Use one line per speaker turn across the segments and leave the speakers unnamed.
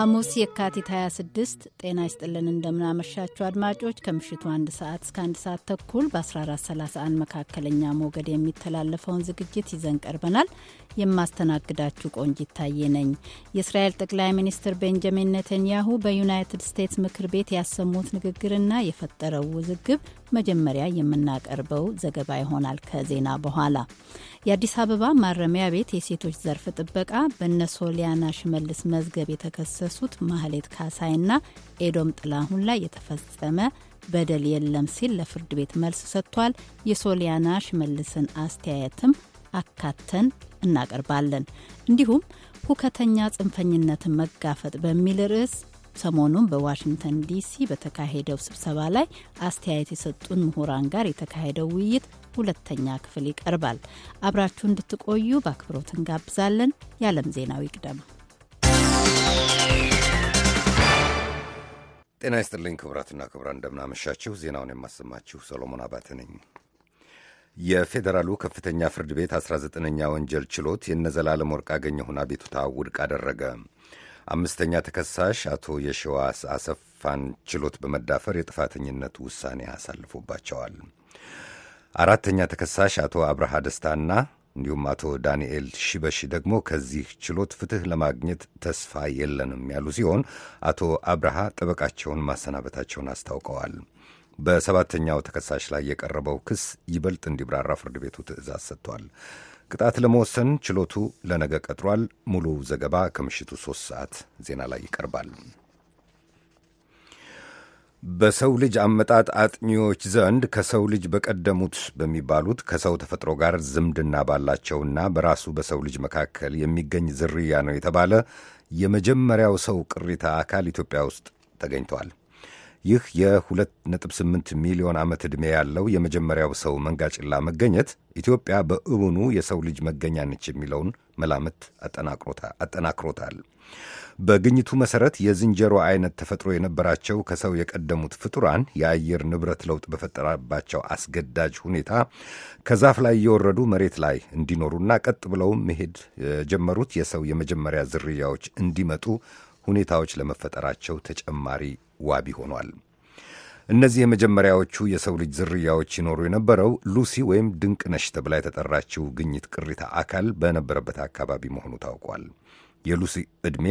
ሐሙስ የካቲት 26 ጤና ይስጥልን። እንደምናመሻችሁ አድማጮች ከምሽቱ አንድ ሰዓት እስከ አንድ ሰዓት ተኩል በ1431 መካከለኛ ሞገድ የሚተላለፈውን ዝግጅት ይዘን ቀርበናል። የማስተናግዳችሁ ቆንጅ ይታየ ነኝ። የእስራኤል ጠቅላይ ሚኒስትር ቤንጃሚን ኔተንያሁ በዩናይትድ ስቴትስ ምክር ቤት ያሰሙት ንግግርና የፈጠረው ውዝግብ መጀመሪያ የምናቀርበው ዘገባ ይሆናል ከዜና በኋላ የአዲስ አበባ ማረሚያ ቤት የሴቶች ዘርፍ ጥበቃ በነ ሶሊያና ሽመልስ መዝገብ የተከሰሱት ማህሌት ካሳይና ኤዶም ጥላሁን ላይ የተፈጸመ በደል የለም ሲል ለፍርድ ቤት መልስ ሰጥቷል። የሶሊያና ሽመልስን አስተያየትም አካተን እናቀርባለን። እንዲሁም ሁከተኛ ጽንፈኝነትን መጋፈጥ በሚል ርዕስ ሰሞኑን በዋሽንግተን ዲሲ በተካሄደው ስብሰባ ላይ አስተያየት የሰጡን ምሁራን ጋር የተካሄደው ውይይት ሁለተኛ ክፍል ይቀርባል። አብራችሁ እንድትቆዩ በአክብሮት እንጋብዛለን። የዓለም ዜናው ይቅደም።
ጤና ይስጥልኝ ክቡራትና ክቡራን፣ እንደምናመሻችሁ። ዜናውን የማሰማችሁ ሰሎሞን አባተ ነኝ። የፌዴራሉ ከፍተኛ ፍርድ ቤት 19ኛ ወንጀል ችሎት የነዘላለም ወርቅ አገኘሁን አቤቱታ ውድቅ አደረገ። አምስተኛ ተከሳሽ አቶ የሸዋስ አሰፋን ችሎት በመዳፈር የጥፋተኝነት ውሳኔ አሳልፎባቸዋል። አራተኛ ተከሳሽ አቶ አብርሃ ደስታና እንዲሁም አቶ ዳንኤል ሺበሺ ደግሞ ከዚህ ችሎት ፍትህ ለማግኘት ተስፋ የለንም ያሉ ሲሆን አቶ አብርሃ ጠበቃቸውን ማሰናበታቸውን አስታውቀዋል። በሰባተኛው ተከሳሽ ላይ የቀረበው ክስ ይበልጥ እንዲብራራ ፍርድ ቤቱ ትዕዛዝ ሰጥቷል። ቅጣት ለመወሰን ችሎቱ ለነገ ቀጥሯል። ሙሉ ዘገባ ከምሽቱ ሶስት ሰዓት ዜና ላይ ይቀርባል። በሰው ልጅ አመጣጥ አጥኚዎች ዘንድ ከሰው ልጅ በቀደሙት በሚባሉት ከሰው ተፈጥሮ ጋር ዝምድና ባላቸውና በራሱ በሰው ልጅ መካከል የሚገኝ ዝርያ ነው የተባለ የመጀመሪያው ሰው ቅሪታ አካል ኢትዮጵያ ውስጥ ተገኝቷል። ይህ የ2.8 ሚሊዮን ዓመት ዕድሜ ያለው የመጀመሪያው ሰው መንጋጭላ መገኘት ኢትዮጵያ በእውኑ የሰው ልጅ መገኛ ነች የሚለውን መላምት አጠናክሮታል። በግኝቱ መሰረት የዝንጀሮ አይነት ተፈጥሮ የነበራቸው ከሰው የቀደሙት ፍጡራን የአየር ንብረት ለውጥ በፈጠራባቸው አስገዳጅ ሁኔታ ከዛፍ ላይ እየወረዱ መሬት ላይ እንዲኖሩና ቀጥ ብለው መሄድ የጀመሩት የሰው የመጀመሪያ ዝርያዎች እንዲመጡ ሁኔታዎች ለመፈጠራቸው ተጨማሪ ዋቢ ሆኗል። እነዚህ የመጀመሪያዎቹ የሰው ልጅ ዝርያዎች ይኖሩ የነበረው ሉሲ ወይም ድንቅ ነሽ ተብላ የተጠራችው ግኝት ቅሪተ አካል በነበረበት አካባቢ መሆኑ ታውቋል። የሉሲ ዕድሜ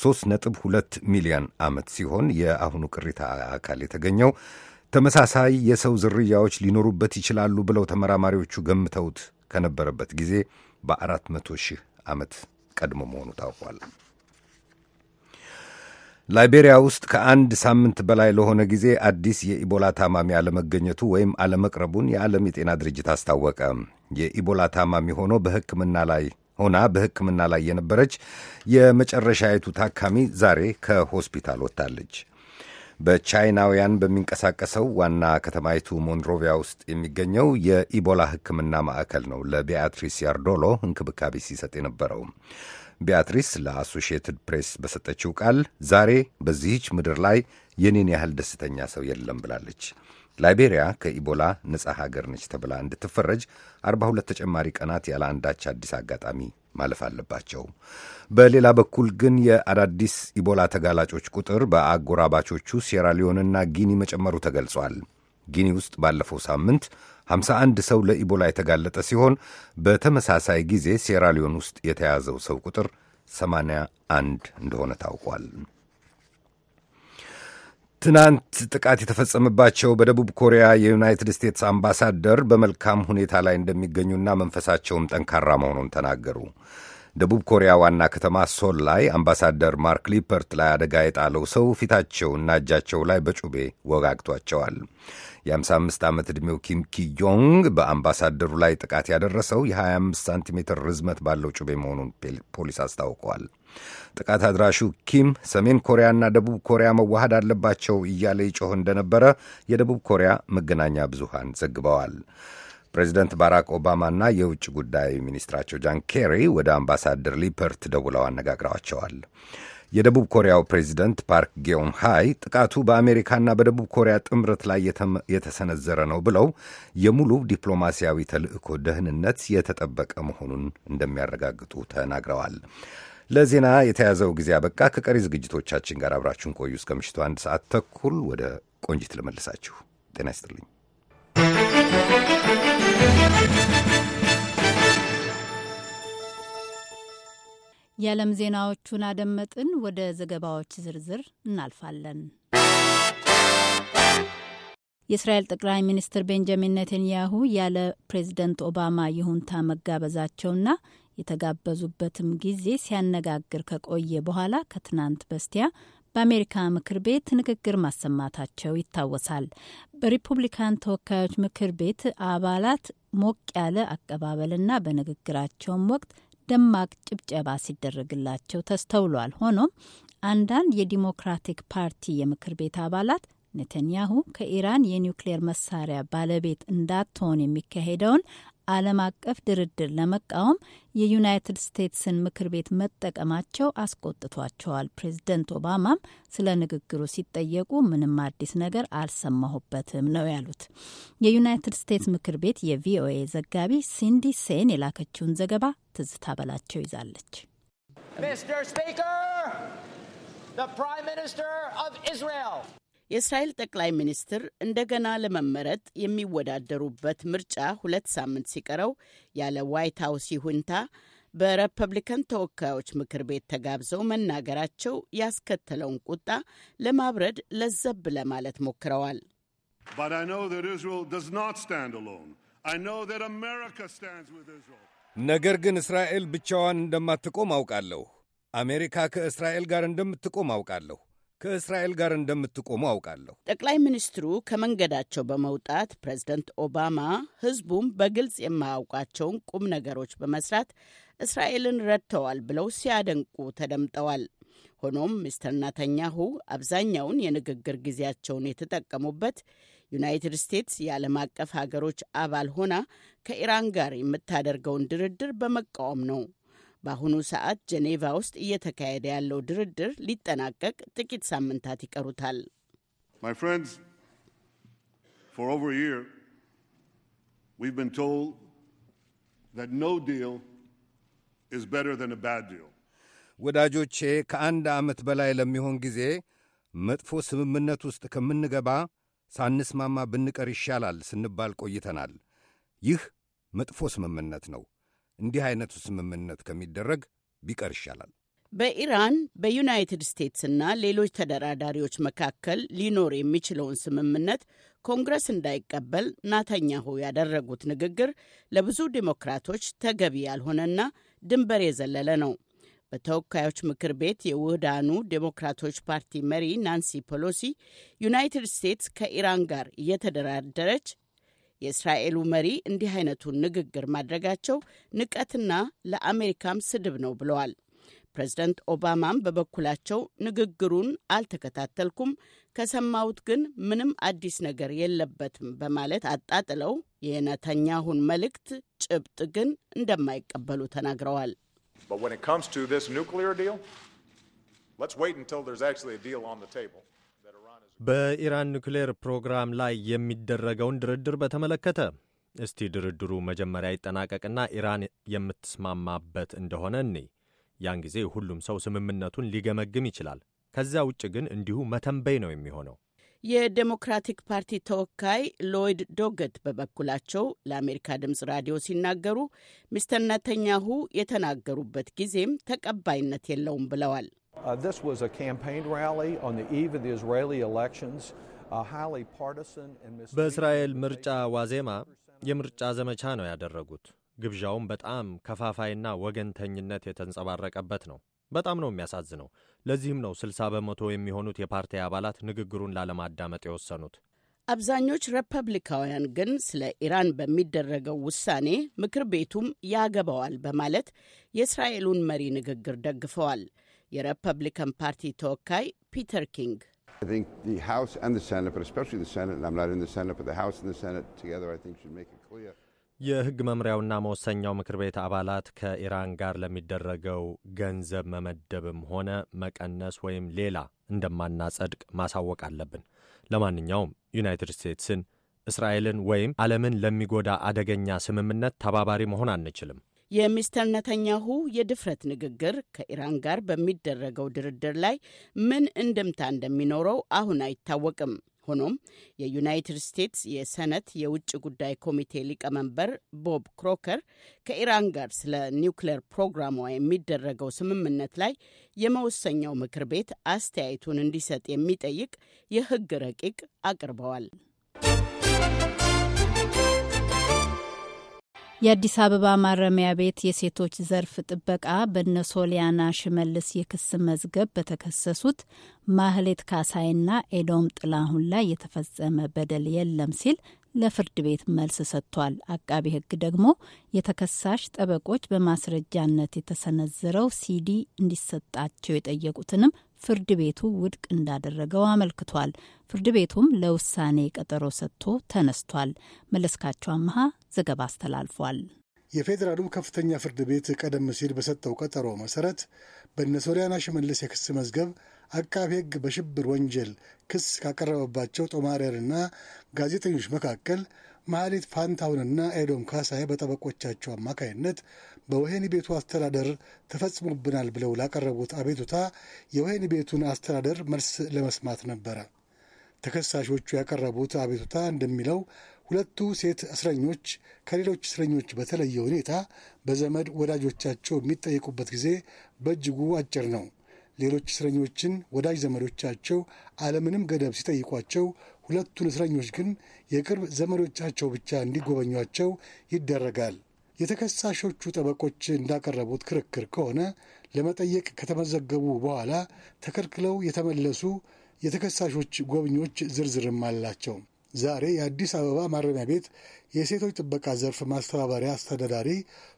3.2 ሚሊዮን ዓመት ሲሆን የአሁኑ ቅሪታ አካል የተገኘው ተመሳሳይ የሰው ዝርያዎች ሊኖሩበት ይችላሉ ብለው ተመራማሪዎቹ ገምተውት ከነበረበት ጊዜ በ መቶ ሺህ ዓመት ቀድሞ መሆኑ ታውቋል። ላይቤሪያ ውስጥ ከአንድ ሳምንት በላይ ለሆነ ጊዜ አዲስ የኢቦላ ታማሚ አለመገኘቱ ወይም አለመቅረቡን የዓለም የጤና ድርጅት አስታወቀ። የኢቦላ ታማሚ ሆኖ በሕክምና ላይ ሆና በሕክምና ላይ የነበረች የመጨረሻይቱ ታካሚ ዛሬ ከሆስፒታል ወጥታለች። በቻይናውያን በሚንቀሳቀሰው ዋና ከተማይቱ ሞንሮቪያ ውስጥ የሚገኘው የኢቦላ ሕክምና ማዕከል ነው ለቢያትሪስ ያርዶሎ እንክብካቤ ሲሰጥ የነበረው። ቢያትሪስ ለአሶሺየትድ ፕሬስ በሰጠችው ቃል ዛሬ በዚህች ምድር ላይ የኔን ያህል ደስተኛ ሰው የለም ብላለች። ላይቤሪያ ከኢቦላ ነጻ ሀገር ነች ተብላ እንድትፈረጅ 42 ተጨማሪ ቀናት ያለ አንዳች አዲስ አጋጣሚ ማለፍ አለባቸው። በሌላ በኩል ግን የአዳዲስ ኢቦላ ተጋላጮች ቁጥር በአጎራባቾቹ ሴራሊዮንና ጊኒ መጨመሩ ተገልጿል። ጊኒ ውስጥ ባለፈው ሳምንት 51 ሰው ለኢቦላ የተጋለጠ ሲሆን በተመሳሳይ ጊዜ ሴራሊዮን ውስጥ የተያዘው ሰው ቁጥር 81 እንደሆነ ታውቋል። ትናንት ጥቃት የተፈጸመባቸው በደቡብ ኮሪያ የዩናይትድ ስቴትስ አምባሳደር በመልካም ሁኔታ ላይ እንደሚገኙና መንፈሳቸውም ጠንካራ መሆኑን ተናገሩ። ደቡብ ኮሪያ ዋና ከተማ ሶል ላይ አምባሳደር ማርክ ሊፐርት ላይ አደጋ የጣለው ሰው ፊታቸውና እጃቸው ላይ በጩቤ ወጋግቷቸዋል። የ55 ዓመት ዕድሜው ኪም ኪዮንግ በአምባሳደሩ ላይ ጥቃት ያደረሰው የ25 ሳንቲሜትር ርዝመት ባለው ጩቤ መሆኑን ፖሊስ አስታውቀዋል። ጥቃት አድራሹ ኪም ሰሜን ኮሪያና ደቡብ ኮሪያ መዋሃድ አለባቸው እያለ ይጮህ እንደነበረ የደቡብ ኮሪያ መገናኛ ብዙሃን ዘግበዋል። ፕሬዚደንት ባራክ ኦባማና የውጭ ጉዳይ ሚኒስትራቸው ጃን ኬሪ ወደ አምባሳደር ሊፐርት ደውለው አነጋግረዋቸዋል። የደቡብ ኮሪያው ፕሬዚደንት ፓርክ ጌውን ሃይ ጥቃቱ በአሜሪካና በደቡብ ኮሪያ ጥምረት ላይ የተሰነዘረ ነው ብለው የሙሉ ዲፕሎማሲያዊ ተልዕኮ ደህንነት የተጠበቀ መሆኑን እንደሚያረጋግጡ ተናግረዋል። ለዜና የተያዘው ጊዜ አበቃ። ከቀሪ ዝግጅቶቻችን ጋር አብራችሁን ቆዩ። እስከ ምሽቱ አንድ ሰዓት ተኩል ወደ ቆንጂት ልመልሳችሁ። ጤና ይስጥልኝ።
የዓለም ዜናዎቹን አደመጥን። ወደ ዘገባዎች ዝርዝር እናልፋለን። የእስራኤል ጠቅላይ ሚኒስትር ቤንጃሚን ኔተንያሁ ያለ ፕሬዝደንት ኦባማ ይሁንታ መጋበዛቸውና የተጋበዙበትም ጊዜ ሲያነጋግር ከቆየ በኋላ ከትናንት በስቲያ በአሜሪካ ምክር ቤት ንግግር ማሰማታቸው ይታወሳል። በሪፑብሊካን ተወካዮች ምክር ቤት አባላት ሞቅ ያለ አቀባበልና በንግግራቸውም ወቅት ደማቅ ጭብጨባ ሲደረግላቸው ተስተውሏል። ሆኖም አንዳንድ የዲሞክራቲክ ፓርቲ የምክር ቤት አባላት ኔተንያሁ ከኢራን የኒውክሌር መሳሪያ ባለቤት እንዳትሆን የሚካሄደውን ዓለም አቀፍ ድርድር ለመቃወም የዩናይትድ ስቴትስን ምክር ቤት መጠቀማቸው አስቆጥቷቸዋል። ፕሬዝደንት ኦባማም ስለ ንግግሩ ሲጠየቁ ምንም አዲስ ነገር አልሰማሁበትም ነው ያሉት። የዩናይትድ ስቴትስ ምክር ቤት የቪኦኤ ዘጋቢ ሲንዲ ሴን የላከችውን ዘገባ ትዝታ በላቸው ይዛለች።
የእስራኤል ጠቅላይ ሚኒስትር እንደገና ለመመረጥ የሚወዳደሩበት ምርጫ ሁለት ሳምንት ሲቀረው ያለ ዋይት ሀውስ ይሁንታ በሪፐብሊካን ተወካዮች ምክር ቤት ተጋብዘው መናገራቸው ያስከተለውን ቁጣ ለማብረድ ለዘብ ለማለት ሞክረዋል።
ነገር ግን እስራኤል ብቻዋን እንደማትቆም አውቃለሁ። አሜሪካ ከእስራኤል ጋር እንደምትቆም አውቃለሁ። ከእስራኤል ጋር እንደምትቆሙ አውቃለሁ።
ጠቅላይ ሚኒስትሩ ከመንገዳቸው በመውጣት ፕሬዝደንት ኦባማ ህዝቡም በግልጽ የማያውቃቸውን ቁም ነገሮች በመስራት እስራኤልን ረድተዋል ብለው ሲያደንቁ ተደምጠዋል። ሆኖም ሚስተር ናተኛሁ አብዛኛውን የንግግር ጊዜያቸውን የተጠቀሙበት ዩናይትድ ስቴትስ የዓለም አቀፍ ሀገሮች አባል ሆና ከኢራን ጋር የምታደርገውን ድርድር በመቃወም ነው። በአሁኑ ሰዓት ጀኔቫ ውስጥ እየተካሄደ ያለው ድርድር ሊጠናቀቅ ጥቂት ሳምንታት ይቀሩታል።
ወዳጆቼ ከአንድ ዓመት በላይ ለሚሆን ጊዜ መጥፎ ስምምነት ውስጥ ከምንገባ ሳንስማማ ብንቀር ይሻላል ስንባል ቆይተናል። ይህ መጥፎ ስምምነት ነው። እንዲህ አይነቱ ስምምነት ከሚደረግ ቢቀር ይሻላል።
በኢራን በዩናይትድ ስቴትስና ሌሎች ተደራዳሪዎች መካከል ሊኖር የሚችለውን ስምምነት ኮንግረስ እንዳይቀበል ናታንያሁ ያደረጉት ንግግር ለብዙ ዲሞክራቶች ተገቢ ያልሆነና ድንበር የዘለለ ነው። በተወካዮች ምክር ቤት የውህዳኑ ዴሞክራቶች ፓርቲ መሪ ናንሲ ፔሎሲ ዩናይትድ ስቴትስ ከኢራን ጋር እየተደራደረች የእስራኤሉ መሪ እንዲህ አይነቱን ንግግር ማድረጋቸው ንቀትና ለአሜሪካም ስድብ ነው ብለዋል። ፕሬዝደንት ኦባማም በበኩላቸው ንግግሩን አልተከታተልኩም፣ ከሰማሁት ግን ምንም አዲስ ነገር የለበትም በማለት አጣጥለው የነተኛሁን መልእክት ጭብጥ ግን እንደማይቀበሉ ተናግረዋል።
But when it comes to this nuclear deal, let's wait until there's actually a deal on the table.
በኢራን ኒውክሌር ፕሮግራም
ላይ የሚደረገውን ድርድር በተመለከተ እስቲ ድርድሩ መጀመሪያ ይጠናቀቅና ኢራን የምትስማማበት እንደሆነ እኔ ያን ጊዜ ሁሉም ሰው ስምምነቱን ሊገመግም ይችላል። ከዚያ ውጭ ግን እንዲሁ መተንበይ ነው የሚሆነው።
የዴሞክራቲክ ፓርቲ ተወካይ ሎይድ ዶገት በበኩላቸው ለአሜሪካ ድምፅ ራዲዮ ሲናገሩ ሚስተር ነተኛሁ የተናገሩበት ጊዜም ተቀባይነት የለውም ብለዋል። Uh,
በእስራኤል ምርጫ ዋዜማ የምርጫ ዘመቻ ነው ያደረጉት። ግብዣውም በጣም ከፋፋይና ወገንተኝነት የተንጸባረቀበት ነው። በጣም ነው የሚያሳዝነው። ለዚህም ነው 60 በመቶ የሚሆኑት የፓርቲ አባላት ንግግሩን ላለማዳመጥ የወሰኑት።
አብዛኞች ሪፐብሊካውያን ግን ስለ ኢራን በሚደረገው ውሳኔ ምክር ቤቱም ያገባዋል በማለት የእስራኤሉን መሪ ንግግር ደግፈዋል። የሪፐብሊካን ፓርቲ ተወካይ ፒተር ኪንግ
የህግ መምሪያውና መወሰኛው ምክር ቤት አባላት ከኢራን ጋር ለሚደረገው ገንዘብ መመደብም ሆነ መቀነስ ወይም ሌላ እንደማናጸድቅ ማሳወቅ አለብን። ለማንኛውም ዩናይትድ ስቴትስን፣ እስራኤልን ወይም ዓለምን ለሚጎዳ አደገኛ ስምምነት ተባባሪ መሆን አንችልም።
የሚስተር ነተኛሁ የድፍረት ንግግር ከኢራን ጋር በሚደረገው ድርድር ላይ ምን እንድምታ እንደሚኖረው አሁን አይታወቅም። ሆኖም የዩናይትድ ስቴትስ የሰነት የውጭ ጉዳይ ኮሚቴ ሊቀመንበር ቦብ ክሮከር ከኢራን ጋር ስለ ኒውክሌር ፕሮግራሟ የሚደረገው ስምምነት ላይ የመወሰኛው ምክር ቤት አስተያየቱን እንዲሰጥ የሚጠይቅ የሕግ ረቂቅ አቅርበዋል።
የአዲስ አበባ ማረሚያ ቤት የሴቶች ዘርፍ ጥበቃ በነ ሶሊያና ሽመልስ የክስ መዝገብ በተከሰሱት ማህሌት ካሳይና ኤዶም ጥላሁን ላይ የተፈጸመ በደል የለም ሲል ለፍርድ ቤት መልስ ሰጥቷል። አቃቢ ሕግ ደግሞ የተከሳሽ ጠበቆች በማስረጃነት የተሰነዘረው ሲዲ እንዲሰጣቸው የጠየቁትንም ፍርድ ቤቱ ውድቅ እንዳደረገው አመልክቷል። ፍርድ ቤቱም ለውሳኔ ቀጠሮ ሰጥቶ ተነስቷል። መለስካቸው አመሃ ዘገባ አስተላልፏል።
የፌዴራሉ ከፍተኛ ፍርድ ቤት ቀደም ሲል በሰጠው ቀጠሮ መሰረት በነ ሶሊያና ሽመልስ የክስ መዝገብ አቃቤ ሕግ በሽብር ወንጀል ክስ ካቀረበባቸው ጦማርያንና ጋዜጠኞች መካከል መሐሌት ፋንታሁንና ኤዶም ካሳይ በጠበቆቻቸው አማካይነት በወህኒ ቤቱ አስተዳደር ተፈጽሞብናል ብለው ላቀረቡት አቤቱታ የወህኒ ቤቱን አስተዳደር መልስ ለመስማት ነበረ። ተከሳሾቹ ያቀረቡት አቤቱታ እንደሚለው ሁለቱ ሴት እስረኞች ከሌሎች እስረኞች በተለየ ሁኔታ በዘመድ ወዳጆቻቸው የሚጠየቁበት ጊዜ በእጅጉ አጭር ነው። ሌሎች እስረኞችን ወዳጅ ዘመዶቻቸው አለምንም ገደብ ሲጠይቋቸው፣ ሁለቱን እስረኞች ግን የቅርብ ዘመዶቻቸው ብቻ እንዲጎበኟቸው ይደረጋል። የተከሳሾቹ ጠበቆች እንዳቀረቡት ክርክር ከሆነ ለመጠየቅ ከተመዘገቡ በኋላ ተከልክለው የተመለሱ የተከሳሾች ጎብኚዎች ዝርዝርም አላቸው። ዛሬ የአዲስ አበባ ማረሚያ ቤት የሴቶች ጥበቃ ዘርፍ ማስተባበሪያ አስተዳዳሪ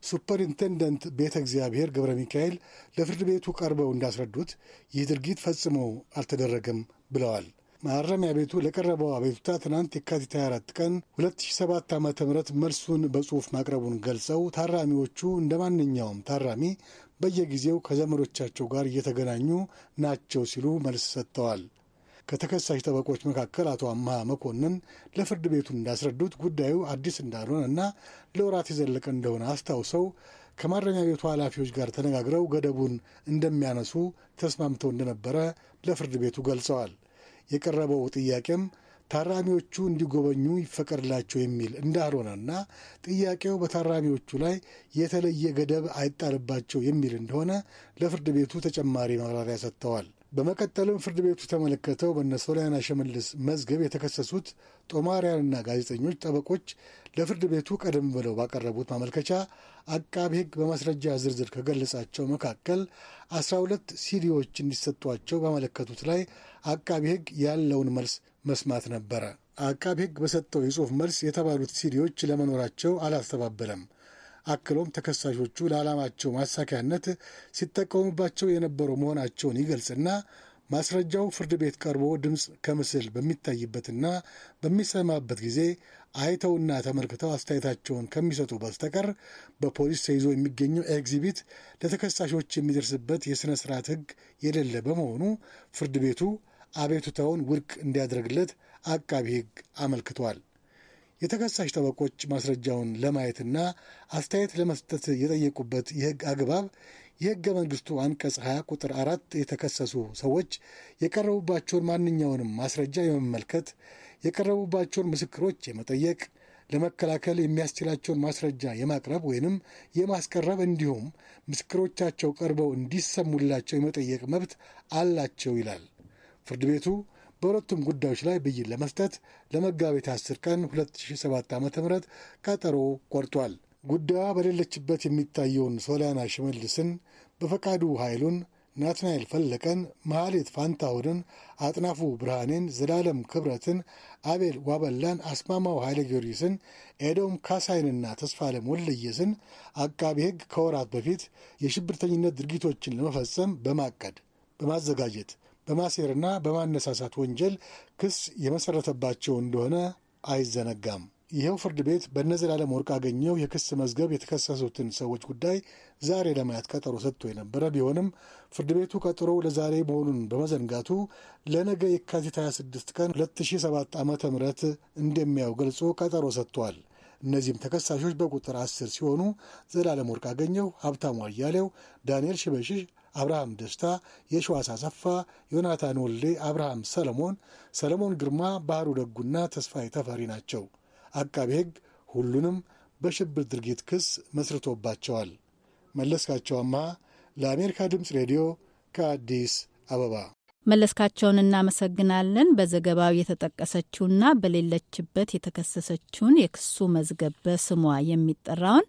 ሱፐርኢንቴንደንት ቤተ እግዚአብሔር ገብረ ሚካኤል ለፍርድ ቤቱ ቀርበው እንዳስረዱት ይህ ድርጊት ፈጽሞ አልተደረገም ብለዋል። ማረሚያ ቤቱ ለቀረበው አቤቱታ ትናንት የካቲት 24 ቀን 2007 ዓ ም መልሱን በጽሑፍ ማቅረቡን ገልጸው ታራሚዎቹ እንደ ማንኛውም ታራሚ በየጊዜው ከዘመዶቻቸው ጋር እየተገናኙ ናቸው ሲሉ መልስ ሰጥተዋል። ከተከሳሽ ጠበቆች መካከል አቶ አምሃ መኮንን ለፍርድ ቤቱ እንዳስረዱት ጉዳዩ አዲስ እንዳልሆነ እና ለወራት የዘለቀ እንደሆነ አስታውሰው ከማረሚያ ቤቱ ኃላፊዎች ጋር ተነጋግረው ገደቡን እንደሚያነሱ ተስማምተው እንደነበረ ለፍርድ ቤቱ ገልጸዋል። የቀረበው ጥያቄም ታራሚዎቹ እንዲጎበኙ ይፈቀድላቸው የሚል እንዳልሆነና ጥያቄው በታራሚዎቹ ላይ የተለየ ገደብ አይጣልባቸው የሚል እንደሆነ ለፍርድ ቤቱ ተጨማሪ ማብራሪያ ሰጥተዋል። በመቀጠልም ፍርድ ቤቱ የተመለከተው በነ ሶሊያና ሽመልስ መዝገብ የተከሰሱት ጦማሪያንና ጋዜጠኞች ጠበቆች ለፍርድ ቤቱ ቀደም ብለው ባቀረቡት ማመልከቻ አቃቢ ሕግ በማስረጃ ዝርዝር ከገለጻቸው መካከል 12 ሲዲዎች እንዲሰጧቸው ባመለከቱት ላይ አቃቢ ሕግ ያለውን መልስ መስማት ነበረ። አቃቢ ሕግ በሰጠው የጽሑፍ መልስ የተባሉት ሲዲዎች ለመኖራቸው አላስተባበለም። አክሎም ተከሳሾቹ ለዓላማቸው ማሳኪያነት ሲጠቀሙባቸው የነበሩ መሆናቸውን ይገልጽና ማስረጃው ፍርድ ቤት ቀርቦ ድምፅ ከምስል በሚታይበትና በሚሰማበት ጊዜ አይተውና ተመልክተው አስተያየታቸውን ከሚሰጡ በስተቀር በፖሊስ ተይዞ የሚገኘው ኤግዚቢት ለተከሳሾች የሚደርስበት የሥነ ሥርዓት ሕግ የሌለ በመሆኑ ፍርድ ቤቱ አቤቱታውን ውድቅ እንዲያደርግለት አቃቢ ሕግ አመልክቷል። የተከሳሽ ጠበቆች ማስረጃውን ለማየትና አስተያየት ለመስጠት የጠየቁበት የህግ አግባብ የህገ መንግስቱ አንቀጽ 20 ቁጥር አራት የተከሰሱ ሰዎች የቀረቡባቸውን ማንኛውንም ማስረጃ የመመልከት የቀረቡባቸውን ምስክሮች የመጠየቅ ለመከላከል የሚያስችላቸውን ማስረጃ የማቅረብ ወይንም የማስቀረብ እንዲሁም ምስክሮቻቸው ቀርበው እንዲሰሙላቸው የመጠየቅ መብት አላቸው ይላል። ፍርድ ቤቱ በሁለቱም ጉዳዮች ላይ ብይን ለመስጠት ለመጋቢት 10 ቀን 2007 ዓ ም ቀጠሮ ቆርጧል። ጉዳዩ በሌለችበት የሚታየውን ሶሊያና ሽመልስን፣ በፈቃዱ ኃይሉን፣ ናትናኤል ፈለቀን፣ መሐሌት ፋንታሁንን፣ አጥናፉ ብርሃኔን፣ ዘላለም ክብረትን፣ አቤል ዋበላን፣ አስማማው ኃይለ ጊዮርጊስን፣ ኤዶም ካሳይንና ተስፋለም ወልደየስን አቃቢ ሕግ ከወራት በፊት የሽብርተኝነት ድርጊቶችን ለመፈጸም በማቀድ በማዘጋጀት በማሴርና በማነሳሳት ወንጀል ክስ የመሰረተባቸው እንደሆነ አይዘነጋም። ይኸው ፍርድ ቤት በነዘላለም ወርቅ አገኘው የክስ መዝገብ የተከሰሱትን ሰዎች ጉዳይ ዛሬ ለማየት ቀጠሮ ሰጥቶ የነበረ ቢሆንም ፍርድ ቤቱ ቀጠሮ ለዛሬ መሆኑን በመዘንጋቱ ለነገ የካቲት 26 ቀን 2007 ዓ ም እንደሚያው ገልጾ ቀጠሮ ሰጥቷል። እነዚህም ተከሳሾች በቁጥር 10 ሲሆኑ ዘላለም ወርቅ አገኘው፣ ሀብታሙ አያሌው፣ ዳንኤል ሽበሽሽ አብርሃም ደስታ፣ የሸዋስ አሰፋ፣ ዮናታን ወልዴ፣ አብርሃም ሰለሞን፣ ሰለሞን ግርማ፣ ባህሩ ደጉና ተስፋዬ ተፈሪ ናቸው። አቃቤ ሕግ ሁሉንም በሽብር ድርጊት ክስ መስርቶባቸዋል። መለስካቸው ለአሜሪካ ድምፅ ሬዲዮ ከአዲስ
አበባ መለስካቸውን እናመሰግናለን። በዘገባው የተጠቀሰችውና በሌለችበት የተከሰሰችውን የክሱ መዝገብ በስሟ የሚጠራውን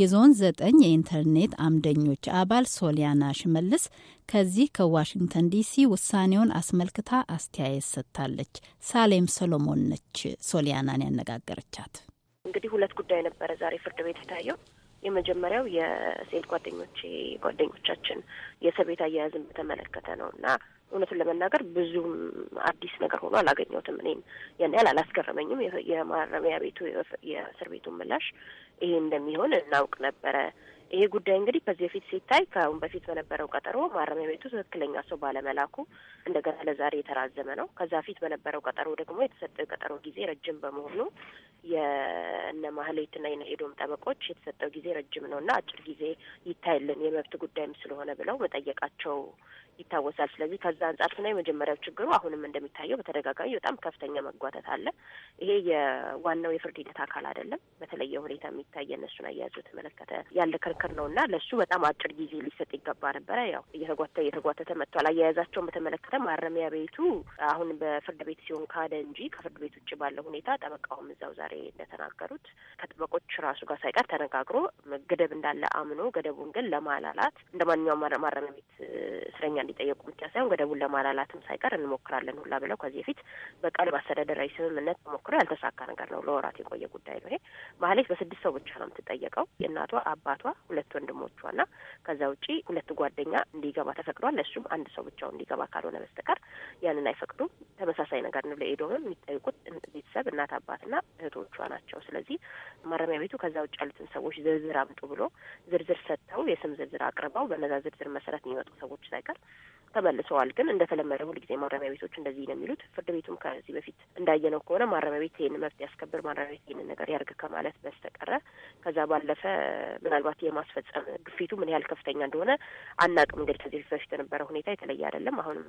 የዞን ዘጠኝ የኢንተርኔት አምደኞች አባል ሶሊያና ሽመልስ ከዚህ ከዋሽንግተን ዲሲ ውሳኔውን አስመልክታ አስተያየት ሰጥታለች። ሳሌም ሰሎሞን ነች ሶሊያናን ያነጋገረቻት።
እንግዲህ ሁለት ጉዳይ ነበረ ዛሬ ፍርድ ቤት የታየው። የመጀመሪያው የሴት ጓደኞቼ ጓደኞቻችን የእስር ቤት አያያዝን በተመለከተ ነው እና እውነቱን ለመናገር ብዙም አዲስ ነገር ሆኖ አላገኘሁትም። እኔም ያን ያህል አላስገረመኝም። የማረሚያ ቤቱ የእስር ቤቱን ምላሽ ይሄ እንደሚሆን እናውቅ ነበረ። ይሄ ጉዳይ እንግዲህ በዚህ በፊት ሲታይ ከአሁን በፊት በነበረው ቀጠሮ ማረሚያ ቤቱ ትክክለኛ ሰው ባለመላኩ እንደገና ለዛሬ የተራዘመ ነው። ከዛ ፊት በነበረው ቀጠሮ ደግሞ የተሰጠው የቀጠሮ ጊዜ ረጅም በመሆኑ የእነ ማህሌትና የነ ኤዶም ጠበቆች የተሰጠው ጊዜ ረጅም ነው እና አጭር ጊዜ ይታይልን የመብት ጉዳይም ስለሆነ ብለው መጠየቃቸው ይታወሳል። ስለዚህ ከዛ አንጻር ስና የመጀመሪያው ችግሩ አሁንም እንደሚታየው በተደጋጋሚ በጣም ከፍተኛ መጓተት አለ። ይሄ የዋናው የፍርድ ሂደት አካል አይደለም። በተለየ ሁኔታ የሚታይ እነሱን አያያዙ የተመለከተ ያለ ክርክር ክርክር ነው እና ለእሱ በጣም አጭር ጊዜ ሊሰጥ ይገባ ነበረ። ያው እየተጓተ እየተጓተተ መጥቷል። አያያዛቸውን በተመለከተ ማረሚያ ቤቱ አሁን በፍርድ ቤት ሲሆን ካደ እንጂ ከፍርድ ቤት ውጭ ባለው ሁኔታ ጠበቃውም እዛው ዛሬ እንደተናገሩት ከጠበቆች ራሱ ጋር ሳይቀር ተነጋግሮ ገደብ እንዳለ አምኖ ገደቡን ግን ለማላላት እንደ ማንኛውም ማረሚያ ቤት እስረኛ እንዲጠየቁ ብቻ ሳይሆን ገደቡን ለማላላትም ሳይቀር እንሞክራለን ሁላ ብለው ከዚህ በፊት በቃል በአስተዳደራዊ ስምምነት ተሞክሮ ያልተሳካ ነገር ነው። ለወራት የቆየ ጉዳይ ነው ይሄ። ማህሌት በስድስት ሰው ብቻ ነው የምትጠየቀው። የእናቷ አባቷ ሁለት ወንድሞቿና ከዛ ውጪ ሁለት ጓደኛ እንዲገባ ተፈቅዷል። እሱም አንድ ሰው ብቻው እንዲገባ ካልሆነ በስተቀር ያንን አይፈቅዱም። ተመሳሳይ ነገር ነው ለኤዶምም የሚጠይቁት ቤተሰብ እናት አባትና እህቶቿ ናቸው። ስለዚህ ማረሚያ ቤቱ ከዛ ውጭ ያሉትን ሰዎች ዝርዝር አምጡ ብሎ ዝርዝር ሰጥተው የስም ዝርዝር አቅርበው በነዛ ዝርዝር መሰረት የሚመጡ ሰዎች ሳይቀር ተመልሰዋል። ግን እንደተለመደ ሁልጊዜ ማረሚያ ቤቶች እንደዚህ ነው የሚሉት። ፍርድ ቤቱም ከዚህ በፊት እንዳየነው ከሆነ ማረሚያ ቤት ይህን መብት ያስከብር፣ ማረሚያ ቤት ይህንን ነገር ያርግ ከማለት በስተቀረ ከዛ ባለፈ ምናልባት የማስፈጸም ግፊቱ ምን ያህል ከፍተኛ እንደሆነ አናቅም። እንግዲህ ከዚህ በፊት የነበረ ሁኔታ የተለየ አይደለም። አሁንም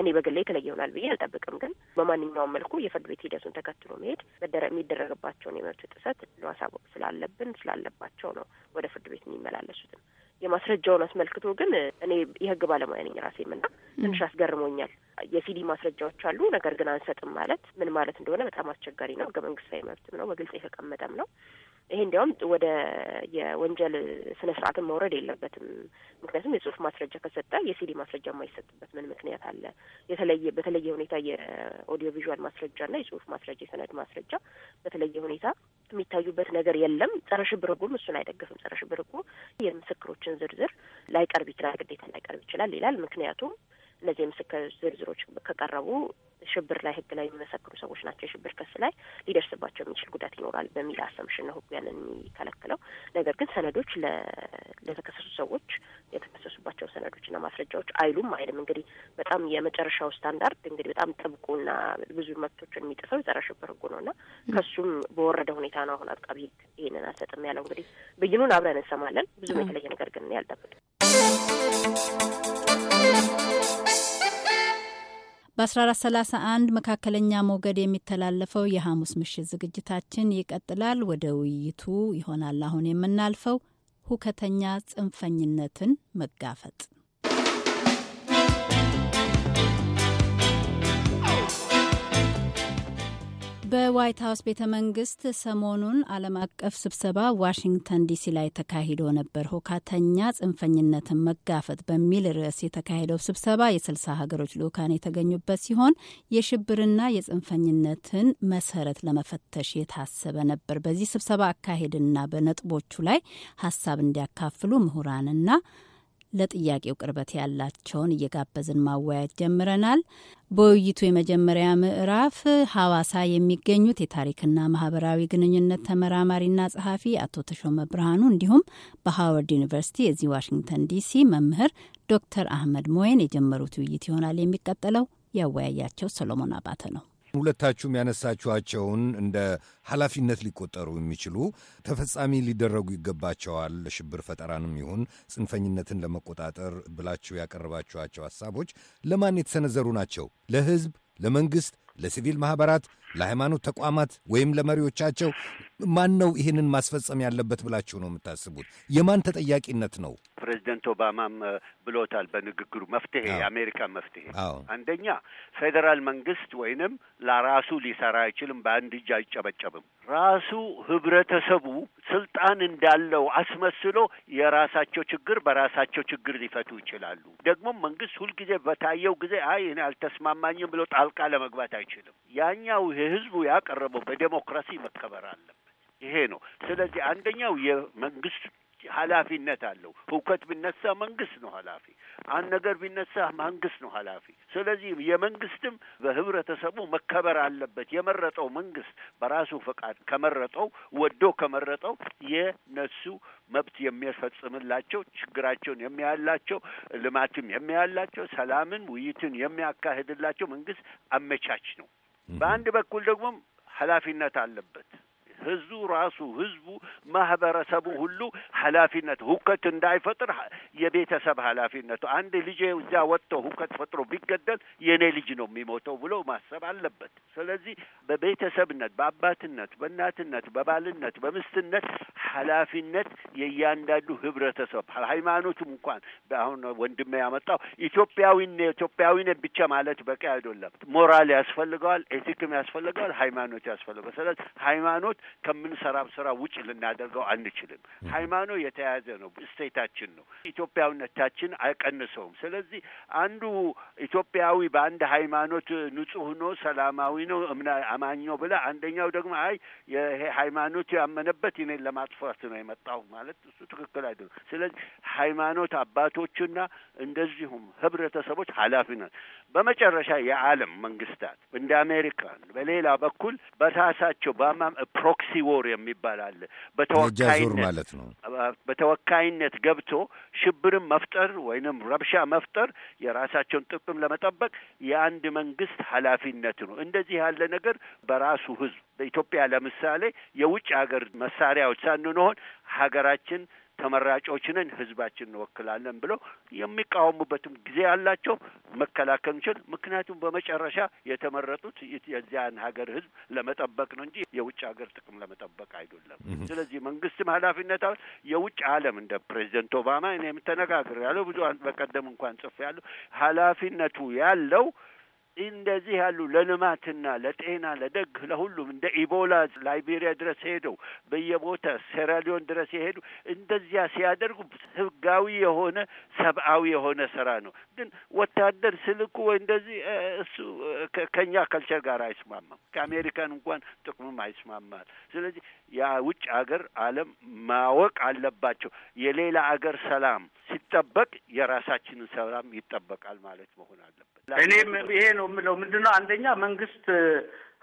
እኔ በግሌ የተለየ ይሆናል ብዬ አልጠብቅም። ግን በማንኛውም መልኩ የፍርድ ቤት ሂደቱን ተከትሎ መሄድ የሚደረግባቸውን የመብት ጥሰት ለማሳወቅ ስላለብን ስላለባቸው ነው ወደ ፍርድ ቤት የሚመላለሱትም። የማስረጃውን አስመልክቶ ግን እኔ የህግ ባለሙያ ነኝ ራሴም እና ትንሽ አስገርሞኛል። የሲዲ ማስረጃዎች አሉ፣ ነገር ግን አንሰጥም ማለት ምን ማለት እንደሆነ በጣም አስቸጋሪ ነው። ህገ መንግስታዊ መብትም ነው፣ በግልጽ የተቀመጠም ነው። ይሄ እንዲያውም ወደ የወንጀል ስነ ስርዓትን መውረድ የለበትም። ምክንያቱም የጽሁፍ ማስረጃ ከሰጠ የሲዲ ማስረጃ የማይሰጥበት ምን ምክንያት አለ? የተለየ በተለየ ሁኔታ የኦዲዮ ቪዥዋል ማስረጃና የጽሁፍ ማስረጃ የሰነድ ማስረጃ በተለየ ሁኔታ የሚታዩበት ነገር የለም። ጸረ ሽብር ህጉም እሱን አይደግፍም። ጸረ ሽብር ህጉ የምስክሮችን ዝርዝር ላይቀርብ ይችላል፣ ግዴታ ላይቀርብ ይችላል ይላል። ምክንያቱም እነዚህ የምስክር ዝርዝሮች ከቀረቡ ሽብር ላይ ህግ ላይ የሚመሰክሩ ሰዎች ናቸው። የሽብር ክስ ላይ ሊደርስባቸው የሚችል ጉዳት ይኖራል በሚል አሰምሽን ነው ህጉ ያንን የሚከለክለው። ነገር ግን ሰነዶች ለተከሰሱ ሰዎች የተከሰሱባቸው ሰነዶችና ማስረጃዎች አይሉም አይልም። እንግዲህ በጣም የመጨረሻው ስታንዳርድ እንግዲህ በጣም ጥብቁና ብዙ መብቶችን የሚጥሰው የጸረ ሽብር ህጉ ነው እና ከሱም በወረደ ሁኔታ ነው አሁን አቃቢ ህግ ይህንን አልሰጥም ያለው። እንግዲህ ብይኑን አብረን እንሰማለን። ብዙም የተለየ ነገር ግን ያልጠብቅ
በ1431 መካከለኛ ሞገድ የሚተላለፈው የሐሙስ ምሽት ዝግጅታችን ይቀጥላል። ወደ ውይይቱ ይሆናል አሁን የምናልፈው ሁከተኛ ጽንፈኝነትን መጋፈጥ በዋይት ሀውስ ቤተ መንግስት ሰሞኑን ዓለም አቀፍ ስብሰባ ዋሽንግተን ዲሲ ላይ ተካሂዶ ነበር። ሆካተኛ ጽንፈኝነትን መጋፈጥ በሚል ርዕስ የተካሄደው ስብሰባ የስልሳ ሀገሮች ልኡካን የተገኙበት ሲሆን የሽብርና የጽንፈኝነትን መሰረት ለመፈተሽ የታሰበ ነበር። በዚህ ስብሰባ አካሄድና በነጥቦቹ ላይ ሀሳብ እንዲያካፍሉ ምሁራንና ለጥያቄው ቅርበት ያላቸውን እየጋበዝን ማወያየት ጀምረናል። በውይይቱ የመጀመሪያ ምዕራፍ ሐዋሳ የሚገኙት የታሪክና ማህበራዊ ግንኙነት ተመራማሪና ጸሐፊ አቶ ተሾመ ብርሃኑ እንዲሁም በሃዋርድ ዩኒቨርሲቲ የዚህ ዋሽንግተን ዲሲ መምህር ዶክተር አህመድ ሞየን የጀመሩት ውይይት ይሆናል የሚቀጥለው። ያወያያቸው ሰሎሞን አባተ ነው።
ሁለታችሁም ያነሳችኋቸውን እንደ ኃላፊነት ሊቆጠሩ የሚችሉ ተፈጻሚ ሊደረጉ ይገባቸዋል ለሽብር ፈጠራንም ይሁን ጽንፈኝነትን ለመቆጣጠር ብላችሁ ያቀረባችኋቸው ሀሳቦች ለማን የተሰነዘሩ ናቸው? ለህዝብ ለመንግስት ለሲቪል ማህበራት? ለሃይማኖት ተቋማት ወይም ለመሪዎቻቸው? ማን ነው ይህንን ማስፈጸም ያለበት ብላችሁ ነው የምታስቡት? የማን ተጠያቂነት ነው?
ፕሬዚደንት ኦባማም ብሎታል በንግግሩ መፍትሄ፣ የአሜሪካ መፍትሄ አንደኛ ፌዴራል መንግስት ወይንም ለራሱ ሊሰራ አይችልም፣ በአንድ እጅ አይጨበጨብም። ራሱ ህብረተሰቡ ስልጣን እንዳለው አስመስሎ የራሳቸው ችግር በራሳቸው ችግር ሊፈቱ ይችላሉ። ደግሞ መንግስት ሁልጊዜ በታየው ጊዜ አይ እኔ አልተስማማኝም ብሎ ጣልቃ ለመግባት አይችልም። ያኛው ህዝቡ ያቀረበው በዴሞክራሲ መከበር አለበት። ይሄ ነው። ስለዚህ አንደኛው የመንግስት ኃላፊነት አለው። እውከት ቢነሳ መንግስት ነው ኃላፊ። አንድ ነገር ቢነሳ መንግስት ነው ኃላፊ። ስለዚህ የመንግስትም በህብረተሰቡ መከበር አለበት። የመረጠው መንግስት በራሱ ፈቃድ ከመረጠው ወዶ ከመረጠው የነሱ መብት የሚፈጽምላቸው ችግራቸውን የሚያላቸው ልማትም የሚያላቸው ሰላምን፣ ውይይትን የሚያካሂድላቸው መንግስት አመቻች ነው። በአንድ በኩል ደግሞ ኃላፊነት አለበት። ህዝቡ ራሱ ህዝቡ ማህበረሰቡ ሁሉ ኃላፊነት ሁከት እንዳይፈጥር የቤተሰብ ኃላፊነቱ አንድ ልጅ እዚያ ወጥቶ ሁከት ፈጥሮ ቢገደል የእኔ ልጅ ነው የሚሞተው ብሎ ማሰብ አለበት። ስለዚህ በቤተሰብነት፣ በአባትነት፣ በእናትነት፣ በባልነት፣ በምስትነት ኃላፊነት የእያንዳንዱ ህብረተሰብ ሃይማኖቱም እንኳን አሁን ወንድሜ ያመጣው ኢትዮጵያዊን ኢትዮጵያዊን ብቻ ማለት በቂ አይደለም። ሞራል ያስፈልገዋል፣ ኤቲክም ያስፈልገዋል፣ ሃይማኖት ያስፈልገዋል። ስለዚህ ሃይማኖት ከምንሰራ ስራ ውጭ ልናደርገው አንችልም። ሃይማኖ የተያዘ ነው፣ እስቴታችን ነው፣ ኢትዮጵያዊነታችን አይቀንሰውም። ስለዚህ አንዱ ኢትዮጵያዊ በአንድ ሃይማኖት ንጹህ ነው፣ ሰላማዊ ነው፣ እምና አማኝ ነው ብለ አንደኛው ደግሞ አይ ይሄ ሃይማኖት ያመነበት እኔን ለማጥፋት ነው የመጣው ማለት እሱ ትክክል አይደለም። ስለዚህ ሃይማኖት አባቶችና እንደዚሁም ህብረተሰቦች ኃላፊ በመጨረሻ የዓለም መንግስታት እንደ አሜሪካን በሌላ በኩል በራሳቸው በማም ፕሮክሲ ዎር የሚባል አለ። በተወካይነት ማለት ነው። በተወካይነት ገብቶ ሽብርን መፍጠር ወይንም ረብሻ መፍጠር የራሳቸውን ጥቅም ለመጠበቅ የአንድ መንግስት ኃላፊነት ነው። እንደዚህ ያለ ነገር በራሱ ህዝብ በኢትዮጵያ ለምሳሌ የውጭ ሀገር መሳሪያዎች ሳንንሆን ሀገራችን ተመራጮችንን ህዝባችን እንወክላለን ብለው የሚቃወሙበትም ጊዜ ያላቸው መከላከል እንችል። ምክንያቱም በመጨረሻ የተመረጡት የዚያን ሀገር ህዝብ ለመጠበቅ ነው እንጂ የውጭ ሀገር ጥቅም ለመጠበቅ አይደለም። ስለዚህ መንግስትም ኃላፊነት አለ። የውጭ ዓለም እንደ ፕሬዚደንት ኦባማ እኔም ያለው ብዙ በቀደም እንኳን ያለው ኃላፊነቱ ያለው እንደዚህ ያሉ ለልማትና ለጤና ለደግ ለሁሉም እንደ ኢቦላ ላይቤሪያ ድረስ ሄደው በየቦታ ሴራሊዮን ድረስ የሄዱ እንደዚያ ሲያደርጉ ህጋዊ የሆነ ሰብአዊ የሆነ ስራ ነው። ግን ወታደር ስልኩ ወይ እንደዚህ እሱ ከእኛ ከልቸር ጋር አይስማማም። ከአሜሪካን እንኳን ጥቅሙም አይስማማል። ስለዚህ የውጭ ሀገር አለም ማወቅ አለባቸው የሌላ አገር ሰላም ሲጠበቅ የራሳችንን ሰላም ይጠበቃል ማለት መሆን አለበት። እኔም ይሄ
ነው የምለው። ምንድነው አንደኛ መንግስት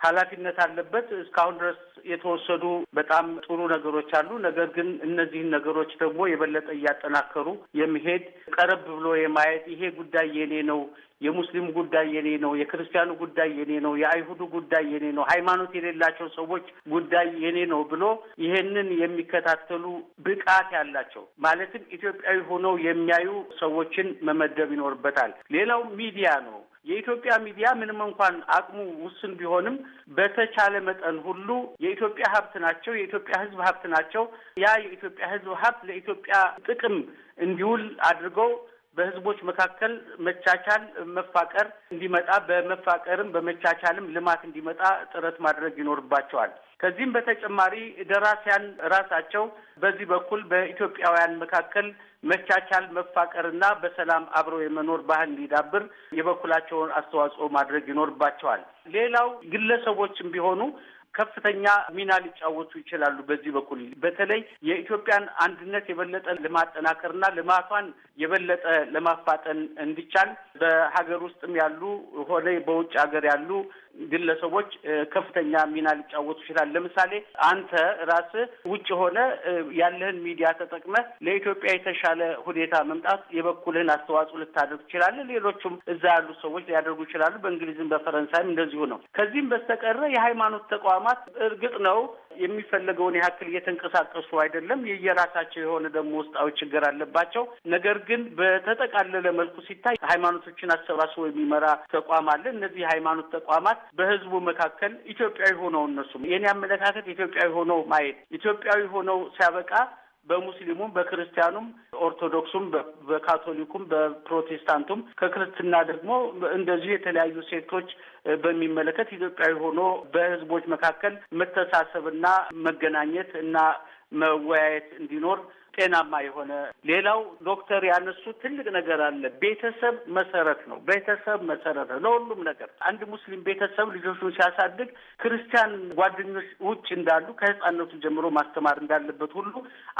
ኃላፊነት አለበት። እስካሁን ድረስ የተወሰዱ በጣም ጥሩ ነገሮች አሉ። ነገር ግን እነዚህን ነገሮች ደግሞ የበለጠ እያጠናከሩ የመሄድ ቀረብ ብሎ የማየት ይሄ ጉዳይ የኔ ነው፣ የሙስሊም ጉዳይ የኔ ነው፣ የክርስቲያኑ ጉዳይ የኔ ነው፣ የአይሁዱ ጉዳይ የኔ ነው፣ ሃይማኖት የሌላቸው ሰዎች ጉዳይ የኔ ነው ብሎ ይሄንን የሚከታተሉ ብቃት ያላቸው ማለትም ኢትዮጵያዊ ሆነው የሚያዩ ሰዎችን መመደብ ይኖርበታል። ሌላው ሚዲያ ነው። የኢትዮጵያ ሚዲያ ምንም እንኳን አቅሙ ውስን ቢሆንም በተቻለ መጠን ሁሉ የኢትዮጵያ ሀብት ናቸው፣ የኢትዮጵያ ሕዝብ ሀብት ናቸው። ያ የኢትዮጵያ ሕዝብ ሀብት ለኢትዮጵያ ጥቅም እንዲውል አድርገው በህዝቦች መካከል መቻቻል፣ መፋቀር እንዲመጣ በመፋቀርም በመቻቻልም ልማት እንዲመጣ ጥረት ማድረግ ይኖርባቸዋል። ከዚህም በተጨማሪ ደራሲያን ራሳቸው በዚህ በኩል በኢትዮጵያውያን መካከል መቻቻል፣ መፋቀርና በሰላም አብሮ የመኖር ባህል እንዲዳብር የበኩላቸውን አስተዋጽኦ ማድረግ ይኖርባቸዋል። ሌላው ግለሰቦችም ቢሆኑ ከፍተኛ ሚና ሊጫወቱ ይችላሉ። በዚህ በኩል በተለይ የኢትዮጵያን አንድነት የበለጠ ለማጠናከርና ልማቷን የበለጠ ለማፋጠን እንዲቻል በሀገር ውስጥም ያሉ ሆነ በውጭ ሀገር ያሉ ግለሰቦች ከፍተኛ ሚና ሊጫወቱ ይችላል። ለምሳሌ አንተ ራስ ውጭ ሆነ ያለህን ሚዲያ ተጠቅመ ለኢትዮጵያ የተሻለ ሁኔታ መምጣት የበኩልህን አስተዋጽኦ ልታደርግ ትችላለህ። ሌሎቹም እዛ ያሉ ሰዎች ሊያደርጉ ይችላሉ። በእንግሊዝም በፈረንሳይም እንደዚሁ ነው። ከዚህም በስተቀረ የሃይማኖት ተቋማት እርግጥ ነው የሚፈለገውን ያክል እየተንቀሳቀሱ አይደለም። የየራሳቸው የሆነ ደግሞ ውስጣዊ ችግር አለባቸው። ነገር ግን በተጠቃለለ መልኩ ሲታይ ሃይማኖቶችን አሰባስቦ የሚመራ ተቋም አለ። እነዚህ ሃይማኖት ተቋማት በህዝቡ መካከል ኢትዮጵያዊ ሆነው እነሱም የኔ አመለካከት ኢትዮጵያዊ ሆነው ማየት ኢትዮጵያዊ ሆነው ሲያበቃ በሙስሊሙም በክርስቲያኑም ኦርቶዶክሱም በካቶሊኩም በፕሮቴስታንቱም ከክርስትና ደግሞ እንደዚሁ የተለያዩ ሴክቶች በሚመለከት ኢትዮጵያዊ ሆኖ በህዝቦች መካከል መተሳሰብና መገናኘት እና መወያየት እንዲኖር ጤናማ የሆነ ሌላው ዶክተር ያነሱ ትልቅ ነገር አለ። ቤተሰብ መሰረት ነው። ቤተሰብ መሰረት ነው ለሁሉም ነገር። አንድ ሙስሊም ቤተሰብ ልጆቹን ሲያሳድግ ክርስቲያን ጓደኞች ውጭ እንዳሉ ከህፃነቱ ጀምሮ ማስተማር እንዳለበት ሁሉ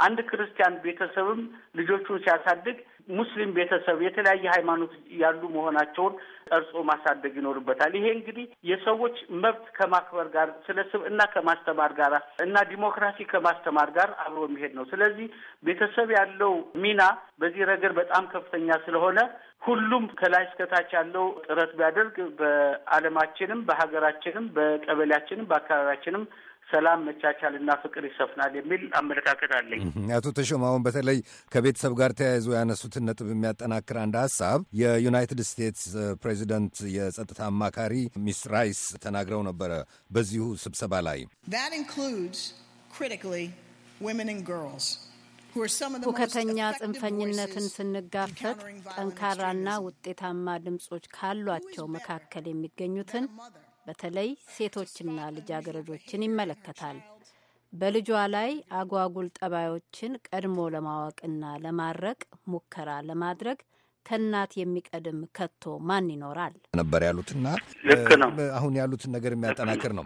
አንድ ክርስቲያን ቤተሰብም ልጆቹን ሲያሳድግ ሙስሊም ቤተሰብ የተለያየ ሃይማኖት ያሉ መሆናቸውን ጠርጾ ማሳደግ ይኖርበታል። ይሄ እንግዲህ የሰዎች መብት ከማክበር ጋር ስለ ስብዕና ከማስተማር ጋር እና ዲሞክራሲ ከማስተማር ጋር አብሮ የሚሄድ ነው። ስለዚህ ቤተሰብ ያለው ሚና በዚህ ረገድ በጣም ከፍተኛ ስለሆነ ሁሉም ከላይ እስከታች ያለው ጥረት ቢያደርግ በዓለማችንም በሀገራችንም በቀበሌያችንም በአካባቢያችንም ሰላም፣ መቻቻልና ፍቅር ይሰፍናል የሚል አመለካከት አለኝ።
አቶ ተሾም አሁን በተለይ ከቤተሰብ ጋር ተያይዞ ያነሱትን ነጥብ የሚያጠናክር አንድ ሀሳብ የዩናይትድ ስቴትስ ፕሬዚደንት የጸጥታ አማካሪ ሚስ ራይስ ተናግረው ነበረ በዚሁ ስብሰባ ላይ
ሁከተኛ ጽንፈኝነትን
ስንጋፈጥ ጠንካራና ውጤታማ ድምፆች ካሏቸው መካከል የሚገኙትን በተለይ ሴቶችና ልጃገረዶችን ይመለከታል። በልጇ ላይ አጓጉል ጠባዮችን ቀድሞ ለማወቅና ለማድረቅ ሙከራ ለማድረግ ከእናት የሚቀድም ከቶ ማን ይኖራል
ነበር ያሉትና አሁን ያሉትን ነገር የሚያጠናክር ነው።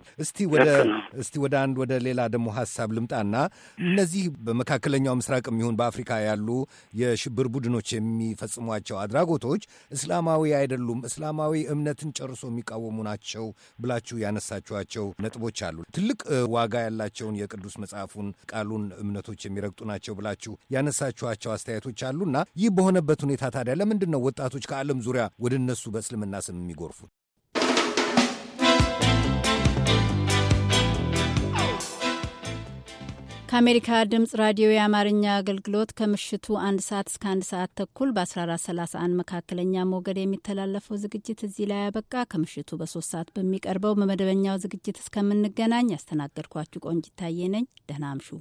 እስቲ ወደ አንድ ወደ ሌላ ደግሞ ሀሳብ ልምጣና እነዚህ በመካከለኛው ምስራቅ የሚሆን በአፍሪካ ያሉ የሽብር ቡድኖች የሚፈጽሟቸው አድራጎቶች እስላማዊ አይደሉም፣ እስላማዊ እምነትን ጨርሶ የሚቃወሙ ናቸው ብላችሁ ያነሳችኋቸው ነጥቦች አሉ። ትልቅ ዋጋ ያላቸውን የቅዱስ መጽሐፉን ቃሉን እምነቶች የሚረግጡ ናቸው ብላችሁ ያነሳችኋቸው አስተያየቶች አሉና ይህ በሆነበት ሁኔታ ታዲያ ለምንድን ነው ወጣቶች ከዓለም ዙሪያ ወደ እነሱ በእስልምና ስም የሚጎርፉት?
ከአሜሪካ ድምፅ ራዲዮ የአማርኛ አገልግሎት ከምሽቱ አንድ ሰዓት እስከ አንድ ሰዓት ተኩል በ1431 መካከለኛ ሞገድ የሚተላለፈው ዝግጅት እዚህ ላይ ያበቃ። ከምሽቱ በሶስት ሰዓት በሚቀርበው በመደበኛው ዝግጅት እስከምንገናኝ ያስተናገድኳችሁ ቆንጅ ታዬ ነኝ። ደህና አምሹ።